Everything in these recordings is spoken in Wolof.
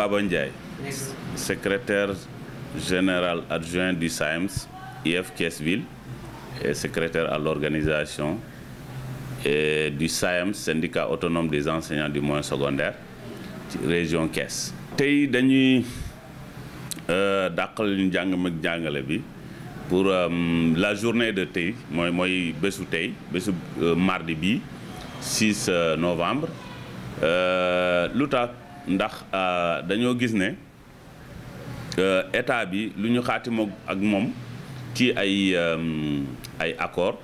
Baba Ndiaye. Yes. secrétaire général adjoint du SAEMS IF Thiès-Ville et secrétaire à l'organisation et du SAEMS syndicat autonome des enseignants du moyen secondaire ci région Thiès. tey dañuy euh, dàqal ñu njàng mag njàngale bi pour euh, la journée de tey mooy mooy bésu tey bésu euh, mardi bi 6 novembre lu tax ndax euh, dañoo gis ne euh, état bi lu ñu xaatima ak moom ci ay euh, ay accord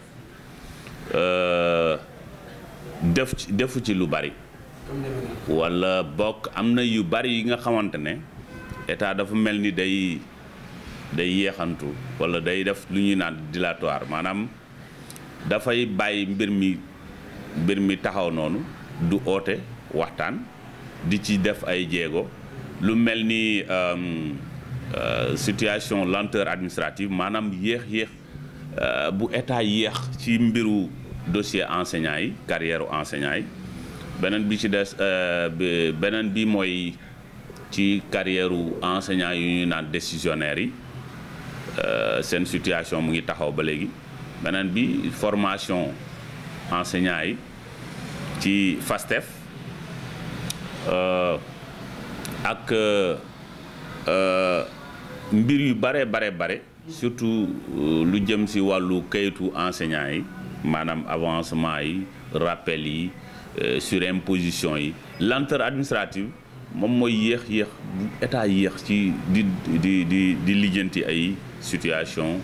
def ci defu ci lu bari walla bokk am na yu bari yi nga xamante ne état dafa mel ni day day yéexantu wala day def lu ñuy naan dilatoire maanaam dafay bàyyi mbir mi mbir mi taxaw noonu du oote waxtaan di ci def ay jéego lu mel ni euh, euh, situation lenteur administrative maanaam yéex yéex euh, bu état yéex ci mbiru dossier enseignant yi carrière enseignant yi beneen bi ci des beneen bi mooy ci carrière enseignant yu ñu naan décisionnaires yi seen situation mu ngi taxaw ba léegi beneen bi formation enseignant yi ci FASTEF Euh, ak euh, euh, mbir yu bare bare bare surtout lu jëm si wàllu kayitu enseignant yi maanaam avancement yi rappel yi surimposition yi lenteur administrative moom mooy yéex yéex bu état yéex ci di di di di lijjanti ay situation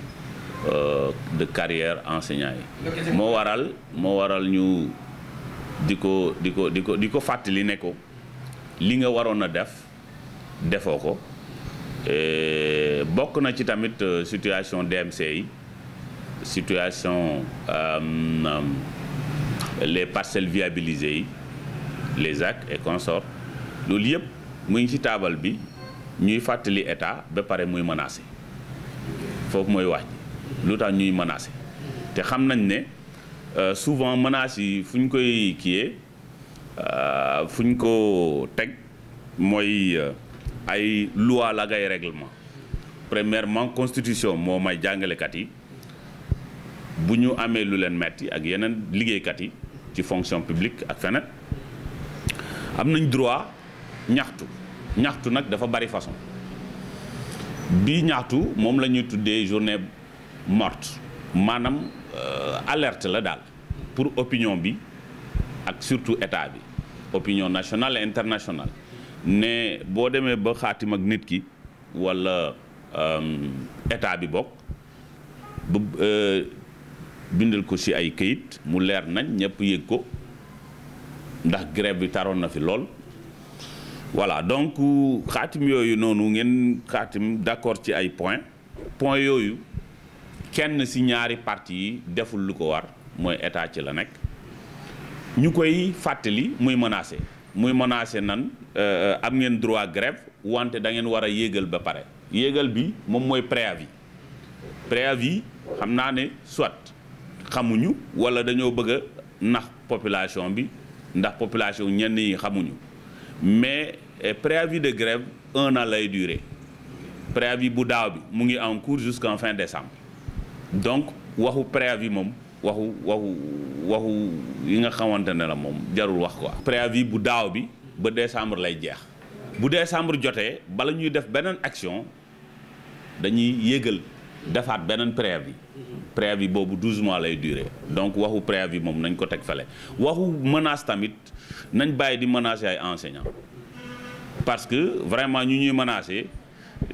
de carrière enseignant yi moo waral moo waral ñu di ko di ko di ko di ko fàttali ne ko li nga waroon a def defoo ko bokk na ci tamit euh, situation DMC yi situation euh, euh, les parcelles viabilisées yi les actes et consorts loolu yëpp mu ngi ci taabal bi ñuy fàttali état ba pare muy menacé foofu mooy wax lu tax ñuy menacé te xam nañ ne souvent menaces yi fu ñu koy kii Euh, fu ñu ko teg mooy euh, ay loi la ak ay règlement premièrement constitution moo may jàngalekat yi bu ñu amee lu leen metti ak yeneen liggéeykat yi ci fonction publique ak feneen am nañ droit ñaxtu ñaxtu nag dafa bari façon bi ñaxtu moom la ñuy tuddee journée morte maanaam euh, alerte la daal pour opinion bi ak surtout état bi opinion nationale et internationale ne boo demee ba xaatim ak nit ki walla euh, état bi bokk ba euh, bindal ko si ay këyit mu leer nañ ñëpp yëg ko ndax grève bi taroon na fi lool voilà donc xaatim yooyu noonu ngeen xaatim d'accord ci ay point point yooyu kenn ci ñaari parti yi deful lu ko war mooy état ci la nekk ñu koy fàttali muy menacé muy menacé nan euh, am ngeen droit grève wante da ngeen war a yéegal ba pare yéegal bi moom mooy préavis préavis xam naa ne soit xamuñu wala dañoo bëgg a nax population bi ndax population ñenn yi xamuñu mais eh, préavis de grève un an lay durer préavis bu daaw bi mu ngi en cours jusqu'en fin décembre donc waxu préavis moom waxu waxu waxu yi nga xamante ne la moom jarul wax ko quoi. préavis bu daaw bi ba décembre lay jeex bu décembre jotee bala ñuy def beneen action dañuy yëgal defaat beneen préavis préavis boobu 12 mois lay durer donc waxu préavis moom nañ ko teg fale waxu menace tamit nañ bàyyi di menacer ay enseignants parce que vraiment ñu ñuy menacer.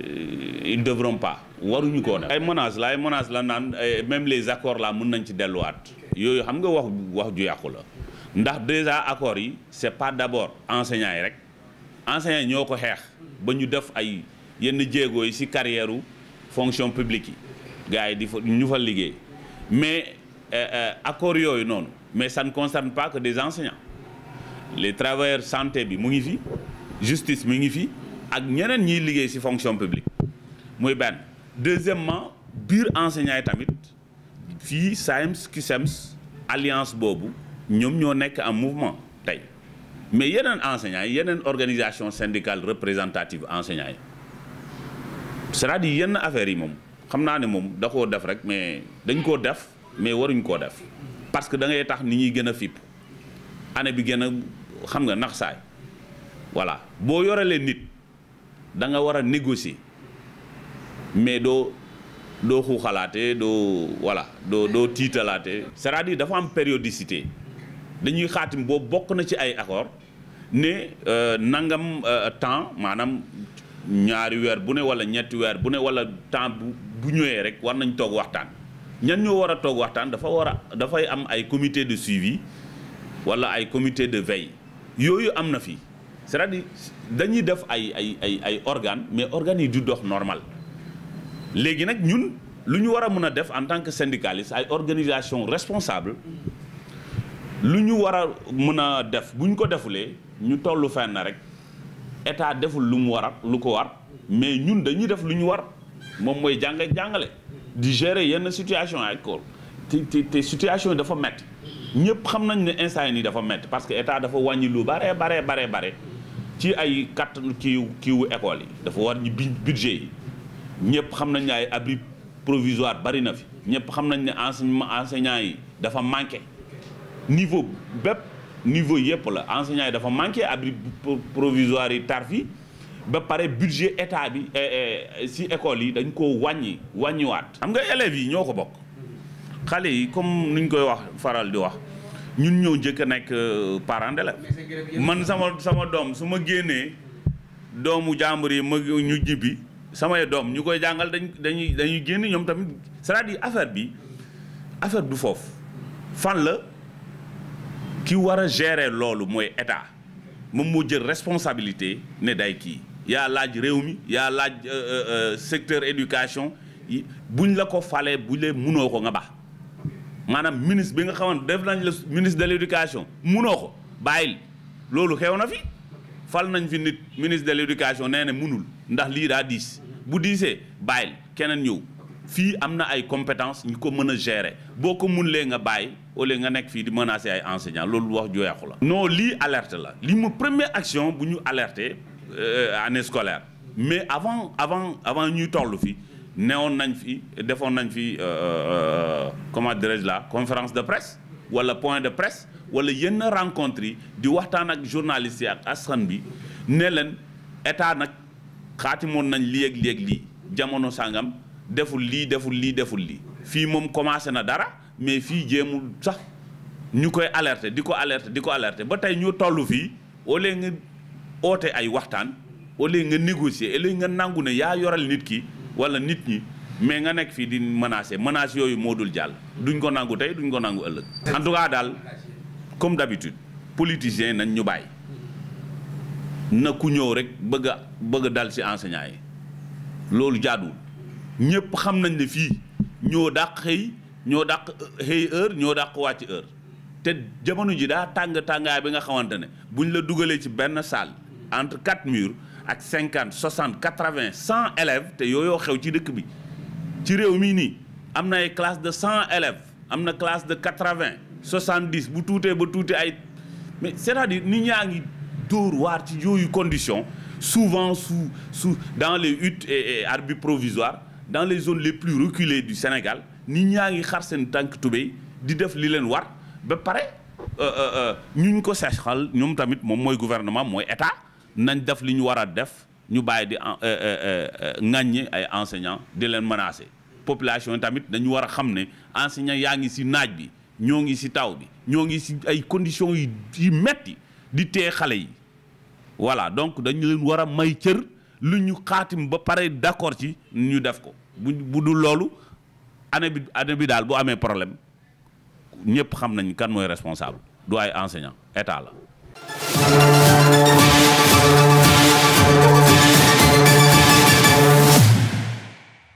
Euh, ils devront pas waruñu koo def ay menaces la ay menaces la naan même les accords là mun nañ ci delluwaat yooyu xam nga wax wax ju yàqu la ndax déjà accords yi c'est pas d'abord enseignants yi rek enseignants yi ñoo ko xeex ba ñu def ay yenn jéego yi ci carrière fonction publique yi gars yi di fa ñu fa liggéey mais euh, euh, accords yooyu noonu mais ça ne concerne pas que des enseignants les travailleurs santé bi mu ngi fii justice mu ngi fii ak ñeneen ñiy liggéey ci fonction publique muy benn deuxièmement biir enseignants yi tamit fii SAEMS CUSEMS alliance boobu ñoom ñoo nekk en mouvement tey mais yeneen enseignants yi yeneen organisation syndicale représentative enseignants yi c'est-à-dire yenn affaires yi moom xam naa ne moom da koo def rek mais dañ koo def mais waruñ koo def parce que da ngay tax ni ñuy gën a fipp année bi gën a xam nga nax saay voilà boo yorelee nit da nga war a négocier mais doo doo xuuxalaate doo voilà doo doo tiitalaate cest à dafa am périodicité dañuy xaatim boobu bokk na ci ay accord ne euh, nangam euh, temps maanaam ñaari weer bu ne wala ñetti weer bu ne wala temps bu ñëwee rek war nañ toog waxtaan ñan ñoo war a toog waxtaan dafa war a dafay am ay comité de suivi wala ay comité de veille yooyu am na fi c'est-à-dire dañuy def ay ay ay ay organes mais organes yi du dox normal léegi nag ñun lu ñu war a mën a def en tant que syndicaliste ay organisation responsable lu ñu war a mën a def bu ñu ko defulee ñu tollu fenn rek état deful lu mu war a lu ko war mais ñun dañuy def lu ñu war moom mooy jàng jàngale di gérer yenn situation ay col te te te situation yi dafa métti ñëpp xam nañ ne instant yi nii dafa métti parce que état dafa wàññi lu bare bare bare bare ci ay kàttan kiiw kiiwu école yi dafa war ñu budget yi ñëpp xam nañ ay abri provisoire bari na fi ñëpp xam nañ ne enseignement enseignant yi dafa manqué niveau bépp niveau yëpp la enseignant yi dafa manqué abri provisoire yi tar fi ba pare budget état bi eh, eh, si école yi dañ ko wàññi wàññiwaat. xam nga élèves yi ñoo ko bokk xale yi comme nuñ koy wax faral di wax. ñun ñoo njëkk a nekk euh, parent d'élève man sama sama doom su ma génnee doomu jàmbur yi ma ñu jibbi samay doom ñu koy jàngal dañ dañuy dañuy génn ñoom tamit c'est-à-dire affaire bi affaire du foofu fan la ki war a gere loolu mooy état moom moo jël responsabilité ne day kii yaa laaj réew mi yaa laaj euh, euh, secteur éducation buñ la ko falee bu lee munoo ko nga baax maanaam ministre bi nga xamante def nañ la ministre de l'éducation munoo ko bàyyil loolu xew na fi fal nañ fi nit ministre de l'éducation nee na munul ndax lii daa diis bu diisee bàyyil keneen yow fii am na ay compétence ñu ko mën a gérer boo ko munlee nga bàyyi au lieu nga nekk fii di menacer ay enseignants loolu wax ju yàqu la. noo lii alerte la li mu première action bu ñu alerter euh, année scolaire mais avant avant avant ñuy toll fii. newoon nañ fi defoon nañ fi euh, euh, euh, comment dirais-je la conférence de presse wala point de presse wala yenn rencontre yi di waxtaan ak journalistes yi ak askan bi ne leen état nag xaati xaatimoon nañ lii ak lii ak lii jamono sangam deful lii deful lii deful lii fii moom commencé na dara mais fii jéemul sax ñu koy alerte di ko alerte di ko alerter ba tey ñu tollu fii au lieu nga oote ay waxtaan au lieu nga négocier au lieu nga nangu ne yaa yoral nit ki. wala nit ñi mais nga nekk fii di menacer menace yooyu moo dul jàll duñ ko nangu tey duñ ko nangu ëllëg en daal comme d'habitude politiciens nañ ñu bàyyi na ku ñëw rek bëgg a bëgg a dal ci enseignants yi loolu jaaduwul ñëpp xam nañ ne fii ñoo dàq xëy ñoo dàq euh, xëy heure ñoo dàq wàcc heure te jamono ji daa tàng tàngaay bi nga xamante ne buñ la dugalee ci benn salle entre quatre murs ak cinquante soixante quatre-vingt cent élèves te yooyoo xew ci dëkk bi ci réew mii nii am na ay classe de cent élèves am na classe de quatre-vingt soixante dix bu tuutee ba tuutee ay mais c'est-à-dire nit ñaa ngi dóor waar ci yooyu condition souvent su su dans les huttes et abris provisoires dans les zones les plus reculées du Sénégal nit ñaa ngi xar seen tànk tubéy di def li leen war ba pare euh, euh, euh, ñu ñu ko seexal ñoom tamit moom mooy gouvernement mooy état nañ def li ñu war a def ñu bàyyi di euh, euh, euh, ŋàññi ay enseignants di leen menacer population tamit dañu war a xam ne enseignants yaa ngi si naaj bi ñoo ngi si taw bi ñoo ngi si ay conditions yu yu metti di tee xale yi voilà donc dañu leen war a may cër lu ñu xaatim ba pare d'accord ci ñu def ko bu bu loolu année bi année bi daal bu amee problème ñëpp xam nañ kan mooy responsable du ay enseignant état la